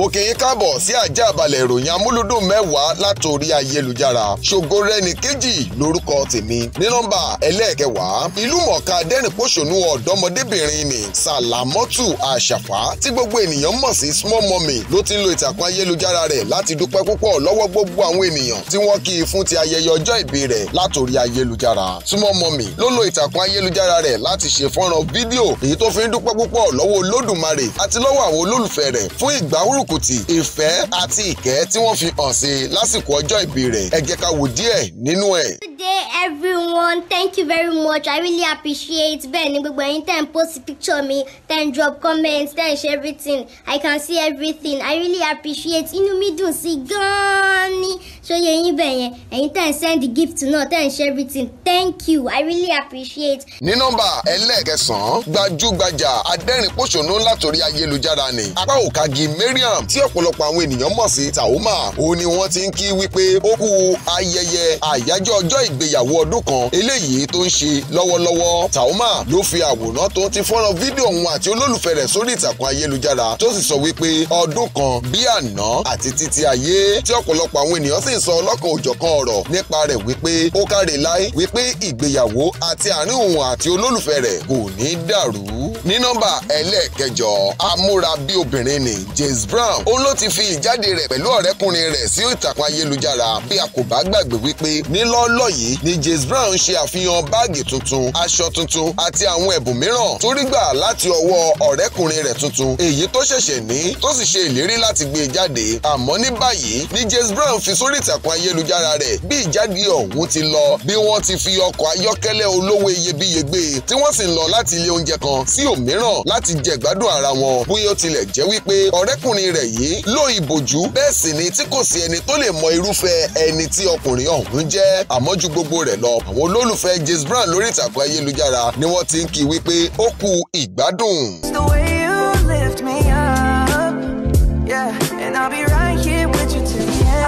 mo kì í káàbọ̀ sí àjà àbálẹ̀ ìròyìn amúlùdùn mẹ́wàá látòrí ayélujára ṣògo rẹni kejì lórúkọ tèmi ní nọ́mbà ẹlẹ́ẹ̀kẹwàá ìlú mọ̀ọ́ká dẹ́rìn-pọ̀ṣọ́nù ọ̀dọ́mọdébìnrin ni sàlámọ́tù àṣàfà tí gbogbo ènìyàn mọ̀ sí small mummy ló ti ń lo ìtàkùn ayélujára rẹ̀ láti dúpẹ́ púpọ̀ lọ́wọ́ gbogbo àwọn ènìyàn tí wọ́n kí i fún ti ayẹyẹ ọjọ́ ìbí rẹ̀ látòrí ayélujára small mummy ló lo ìtàkùn ayélujára rẹ̀ láti ṣe fọ́nrán fídíò èyí tó fi ń dúpẹ́ púpọ̀ lọ́wọ́ olódùmarè àti lọ́wọ́ àwọn olólùfẹ́ rẹ̀ fún ìgbárùk jìbìtì ìfẹ́ àti ìkẹ́ tí wọ́n fi hàn sí lásìkò ọjọ́ ìbí rẹ̀ ẹ jẹ́ ká wò díẹ̀ nínú ẹ̀. Today everyone thank you very much I really appreciate bẹ́ẹ̀ ni gbogbo ẹ̀yin tẹ́ ń post picture mi tẹ́ drop comments tẹ́ share everything I can see everything I really appreciate inú mi dùn sí gan-an. So yẹ yín bẹ̀ yẹn ẹ̀yin tẹ̀ ń send gift náà tẹ̀ ń ṣe everything thank you i really appreciate. ní nọ́mbà ẹlẹ́ẹ̀kẹsàn-án gbajúgbajà adẹ́rìn-pọ̀ṣọ́nù látòrí ayélujára ni apá òkagi mariam tí ọ̀pọ̀lọpọ̀ àwọn ènìyàn mọ̀ sí taoma òun ni wọ́n ti ń kí wípé ó kú ayẹyẹ àyájọ́ ọjọ́ ìgbéyàwó ọdún kan eléyìí tó ń ṣe lọ́wọ́lọ́wọ́ taoma ló fi àwòrán tó ti fọ́nrán fídíò òun àti olólùfẹ́ rẹ̀ sórí ìtàkùn ayélujára tó sì sọ wípé ọdún kan bí àná àti títí ayé tí ọ̀pọ̀lọpọ̀ àwọn ènìyàn sì ń sọ ọlọ́kan òjọ̀kan ọ̀rọ̀ nípa rẹ̀ wípé ó káre láé wípé ìgbéyàwó àti àárín òun àti olólùfẹ́ rẹ̀ kò ní dàrú ní nọ́mbà ẹlẹ́ẹ̀kẹjọ amúra bí obìnrin ni James Brown òun ló ti fi ìjáde rẹ̀ pẹ̀lú ọ̀rẹ́kùnrin rẹ̀ sí ìtàkùn ayélujára bí a kò bá gbàgbé wípé nílọ́lọ́ yìí ni James Brown ṣe àfihàn báàgì tuntun aṣọ tuntun àti àwọn ẹ̀bùn mìíràn tó rí gbà láti ọwọ́ ọ̀rẹ́kùnrin rẹ̀ tuntun èyí tó ṣẹ̀ṣẹ̀ ní tó sì ṣe ìlérí láti gbé e jáde àmọ́ ní báyìí ni James Brown fi sórí ìtàkùn ayélujára rẹ̀ bí ìjáde ọ̀hún ti lọ bí wọ́n ti fi ọkọ̀ ayọ́kẹ́lẹ́ olówó iyebíye gbé e, tí wọ́n sì ń lọ láti ilé oúnjẹ kan sí òm mìíràn láti jẹ̀gbádùn ara wọn bóyá ó tilẹ̀ jẹ́ wípé ọ̀rẹ́kùnrin rẹ̀ yìí ló ìbòjú bẹ́ẹ̀ sì ni tí kò sí ẹni tó lè mọ irúfẹ́ ẹni tí ọkùnrin ọ̀hún jẹ́ àmọ́ ju gbogbo rẹ̀ lọ àwọn olólùfẹ́ James Brown lórí ìtàkùn ayélujára ni wọ́n ti ń kí wípé ó kú ìgbádùn.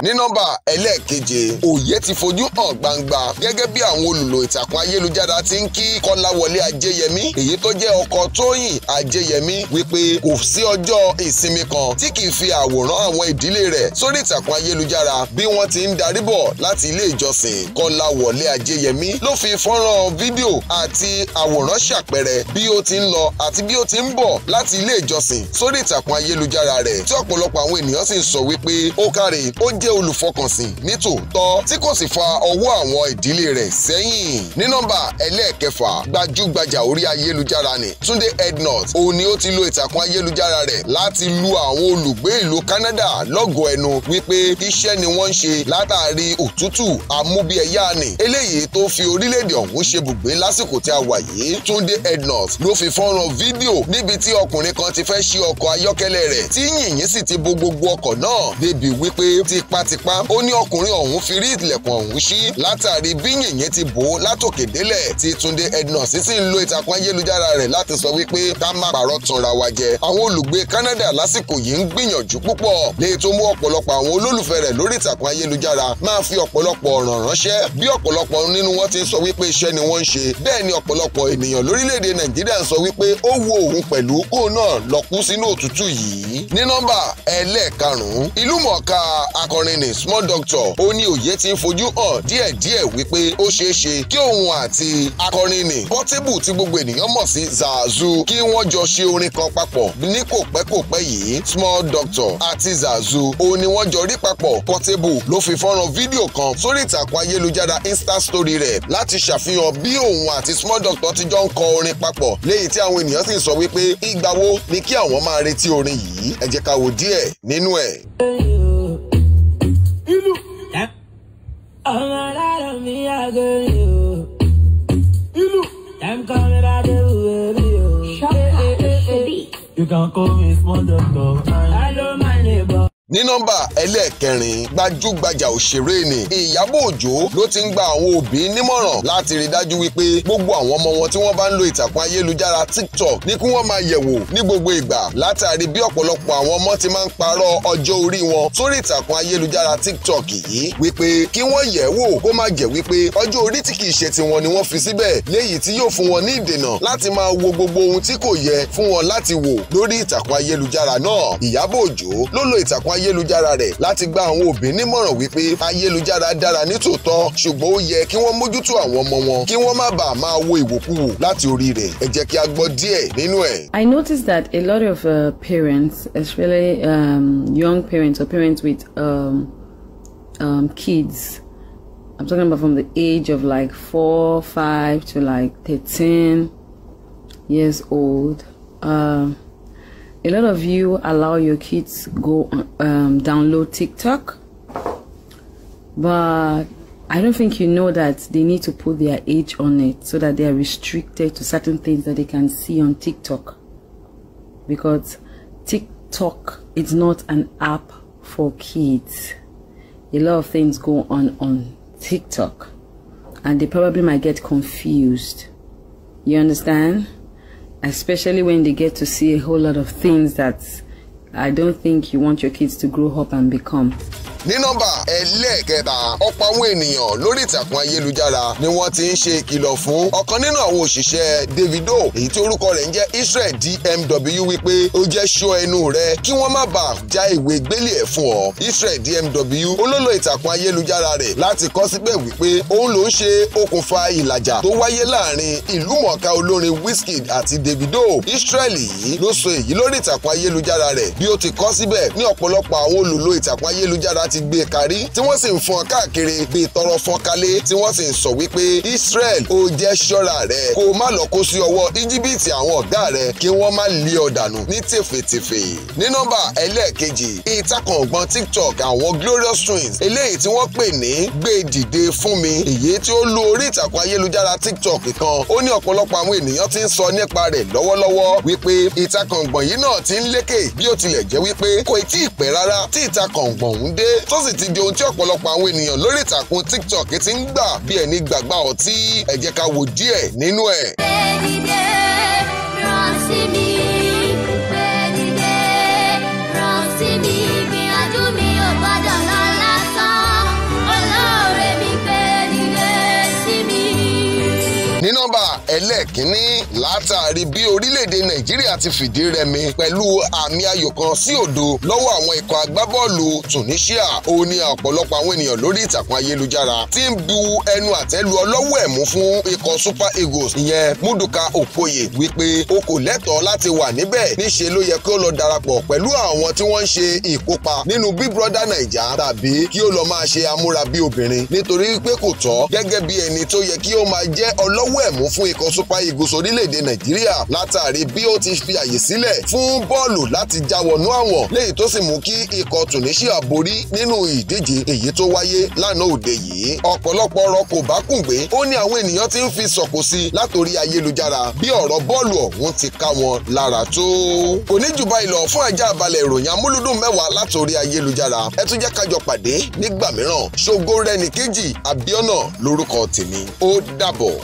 ní nọ́mbà ẹlẹ́ẹ̀keje òye ti fojú hàn gbangba gẹ́gẹ́ bí àwọn olùlò ìtàkùn ayélujára ti ń kí kọ́láwọlé ajéyẹmí èyí tó jẹ́ ọkọ tóyìn ajéyẹmí wípé kò sí ọjọ́ ìsinmi kan tí kì í fi àwòrán àwọn ìdílé rẹ̀ sórí ìtàkùn ayélujára bí wọ́n ti ń darí bọ̀ láti ilé ìjọsìn kọ́láwọlé ajéyẹmí ló fi fọ́nrán fídíò àti àwòrán ṣàpẹẹrẹ bí ó ti ń lọ àti bí ó ti ń bọ̀ láti ilé ìjọsìn sórí ìtàkùn ayélujára rẹ̀ tí ọ̀pọ̀lọpọ̀ àwọn ènìyàn sì ń sọ wípé ó káre ó jẹ́ olùfọkànsìn nítòótọ́ tí kò sì fa ọwọ́ àwọn ìdílé rẹ̀ sẹ́yìn ní nọ́mbà ẹlẹ́ẹ̀kẹfà gbajúgbajà orí ayélujára ni Túndé Ednut òun ni ó ti lo ìtàkùn ayélujára rẹ̀ láti lu àwọn olùgbé ìlú Canada lọ́gọ̀ọ́ ẹnu wípé iṣẹ́ ni wọ́n ń ṣe látàrí òtútù amúbíẹ̀yá ni eléyìí tó fi orílẹ̀-èdè ọ̀hún ṣe bùgbé lásìkò tí a wà yìí Túndé Ednut ló fi fọ́nrán fídíò níbi tí ọkùnrin kan ti fẹ́ ṣí ọkọ̀ ayọ́kẹ́lẹ́ rẹ̀ tí yìnyín sì ti bo gbogbo ọkọ̀ náà débi wípé tipa tipátipá ó ní ọkùnrin ọ̀hún fi rí ilẹ̀kùn ọ̀hún ṣí látàrí bí yìnyín ti bò ó látòkè délẹ̀ tí Túndé Ednansi sì ń lo ìtàkùn ayélujára rẹ̀ láti sọ wípé ká má pàrọ̀ tanra wa jẹ àwọn olùgbé Canada lásìkò yìí ń gbìyànjú púpọ̀ lè tó mú ọ̀pọ̀lọpọ̀ àwọn olólùfẹ́ rẹ̀ lórí ìtàkùn ayélujára máa fi ọ̀pọ̀lọpọ̀ ọ̀ràn ránṣẹ́ bí ọ̀pọ̀lọpọ̀ nínú wọn ti sọ wípé iṣẹ́ ni wọ́n ń ṣe bẹ́ẹ̀ ni ọ̀pọ̀lọpọ̀ ènìyàn lórílẹ̀‐èdè Nàìjíríà ń sọ wípé ó wo òun pẹ̀lú kóun náà lọ sínú òtútù yìí ní Erinni Small Doctor ó ní òye ti ń fojú hàn díẹ̀díẹ̀ wípé ó ṣeé ṣe kí òun àti akọrin nì Portable tí gbogbo ènìyàn mọ̀ sí Zazu kí wọ́n jọ ṣe orin kan papọ̀ ní kò pẹ́ kò pẹ́ yìí Small Doctor àti Zazu òun ni wọ́n jọ rí papọ̀ Portable ló fi fọ́nrán fídíò kan sórí ìtàkùn ayélujára Insta story rẹ̀ láti ṣàfihàn bí òun àti Small Doctor ti jọ ń kọ orin papọ̀ léyìí tí àwọn ènìyàn sì sọ wípé ìgbà wo ni kí àwọn máa retí orin yìí ẹ jẹ́ ká wò díẹ̀ nínú ẹ̀. I'm not out of me, I girl you. You know. I'm coming out of baby you. Shut up, You can call me small doctor. I know my neighbor. ní nọ́mbà ẹlẹ́ẹ̀kẹrin gbajúgbajà òṣèré ni Ìyábọ̀ Òjó ló ti ń gba àwọn òbí nímọ̀ràn láti rí dájú wípé gbogbo àwọn ọmọ wọn tí wọ́n bá ń lo ìtàkùn ayélujára TikTok ní kí wọ́n máa yẹ̀wò ní gbogbo ìgbà látàrí bí ọ̀pọ̀lọpọ̀ àwọn ọmọ ti máa ń parọ́ ọjọ́ orí wọn sórí ìtàkùn ayélujára TikTok yìí wípé kí wọ́n yẹ̀ wò kó má jẹ́ wípé ọjọ́ orí tí kìí ṣe tiwọn ni wọ́n fi síbẹ̀ léyìí tí yóò fún wọn ní ìdènà láti máa wo gbogbo ohun tí kò yẹ fún wọn láti wò lórí ìtàkùn ayélujára náà Ìyábọ̀ Òjó ló lo ìtàkùn ay ayélujára rẹ̀ láti gba àwọn òbí nímọ̀ràn wípé ayélujára dára nítòótọ́ ṣùgbọ́n ó yẹ kí wọ́n mójútó àwọn ọmọ wọn kí wọ́n má bàa máa wo ìwòkuwò láti orí rẹ̀ ẹ jẹ́ kí a gbọ́ díẹ̀ nínú ẹ̀. I noticed that a lot of uh, parents especially um, young parents or parents with um, um, kids I'm talking about from the age of like four five to like thirteen years old. Um, a lot of you allow your kids go um, download TikTok, but I don't think you know that they need to put their age on it so that they are restricted to certain things that they can see on TikTok. Because TikTok is not an app for kids. A lot of things go on on TikTok and they probably might get confused. You understand? especially when they get to see a whole lot of things that I don't think you want your kids to grow up and become. ní nọ́mbà ẹlẹ́ẹ̀kẹta ọ̀pọ̀ àwọn ènìyàn lórí ìtàkùn ayélujára ni wọ́n ti ń ṣe ìkìlọ̀ fún ọ̀kan nínú àwọn òṣìṣẹ́ Davido èyí tí orúkọ rẹ̀ ń jẹ́ Israel DMW wípé ó jẹ́ ṣọ́ ẹnu rẹ kí wọ́n má bàa já ìwé gbélé ẹ̀ fún ọ Israel DMW olólo ìtàkùn ayélujára rẹ̀ láti kọ síbẹ̀ wípé òun ló ń ṣe okùnfà ìlàjà tó wáyé láàrin ìlú mọ̀ọ́ká olórin Wizkid àti Davido Israel yìí ló sọ èyí lórí ìtàkùn ayélujára rẹ̀ bí ó ti kọ síbẹ̀ ní ọ̀pọ̀lọpọ̀ àwọn olùlò ìtàkùn ayélujára ti gbé e kárí tí wọ́n sì ń fọn káàkiri bíi tọrọ fọ́nkálé tí wọ́n sì ń sọ wípé Israel ó jẹ́ ṣọ́ra rẹ̀ kó má lọ kó sí ọwọ́ íjíbítì àwọn ọ̀gá rẹ̀ kí wọ́n má lé ọ dànù ní tèfètèfè. ní nọ́mbà ẹlẹ́ẹ̀kejì ìtàkùn ọ̀gbọ́n TikTok àwọn Glorious Twins eléyìí tí wọ́n pè ní gbé e dìde fún mi èyí tí ó lu orí ìtàkùn ayélujára TikTok kan ó ní ọ̀pọ̀lọpọ̀ àwọn ènìyàn ti ń sọ nípa rẹ̀ lọ́wọ́lọ́wọ́ wípé ìtàkùn ọ̀gbọ̀n yìí náà ti ń lékè bí ó tilẹ̀ jẹ́ wípé kò tí ì pẹ́ rárá tí ìtàkùn ọ̀gbọ̀n ń dé tó sì ti di ohun tí ọ̀pọ̀lọpọ̀ àwọn ènìyàn lórí ìtàkùn TikTok ti ń gbà bí ẹni gbàgbà ọtí ẹ jẹ́ ká wo díẹ̀ nínú ẹ̀. nọ́mbà ẹlẹ́ẹ̀kínní látàrí bí orílẹ̀-èdè nàìjíríà ti fìdí rẹmi pẹ̀lú àmì ayò kan sí òdo lọ́wọ́ àwọn ikọ̀ agbábọ́ọ̀lù tunisia ó ní ọ̀pọ̀lọpọ̀ àwọn ènìyàn lórí ìtàkùn ayélujára tí ń bu ẹnu àtẹ́ lu ọlọ́wọ́ ẹ̀mú fún ikọ̀ super eagles ìyẹn múdùkà òkòyè wípé o kò lẹ́tọ̀ọ́ láti wà níbẹ̀ níṣe ló yẹ kí ó lọ darapọ̀ pẹ̀lú àwọn tí wọ́n ń ṣe ìkópa nínú big brother naija tàbí kí ó lọ máa ṣe amúra bí obìnrin nítorí pé kò tọ́ gẹ́gẹ́ bí ẹni tó yẹ kí ó máa jẹ́ ọlọ́wọ́ ẹ̀mú ìdààmú fún ikọ̀ super eagles orílẹ̀-èdè nàìjíríà látàrí bí ó ti fi àyè sílẹ̀ fún bọ́ọ̀lù láti já wọnú àwọn léyìí tó sì mú kí ikọ̀ tunisia borí nínú ìdíje èyí tó wáyé lánàá òde yìí ọ̀pọ̀lọpọ̀ ọ̀rọ̀ kò bá kùngbé ó ní àwọn ènìyàn ti ń fi sọ̀kò sí látòrí ayélujára bí ọ̀rọ̀ bọ́ọ̀lù ọ̀hún ti ká wọn lára tó. kò ní jù báyìí lọ fún ajá balẹ̀ ìròyìn amúlùdùn mẹ́wàá látòrí ayélujára ẹ tún jẹ́ kájọ pàdé nígbà mìíràn ṣògo rẹ̀ nìkejì àbíọ́nà lórúkọ tèmi ó dàbọ̀.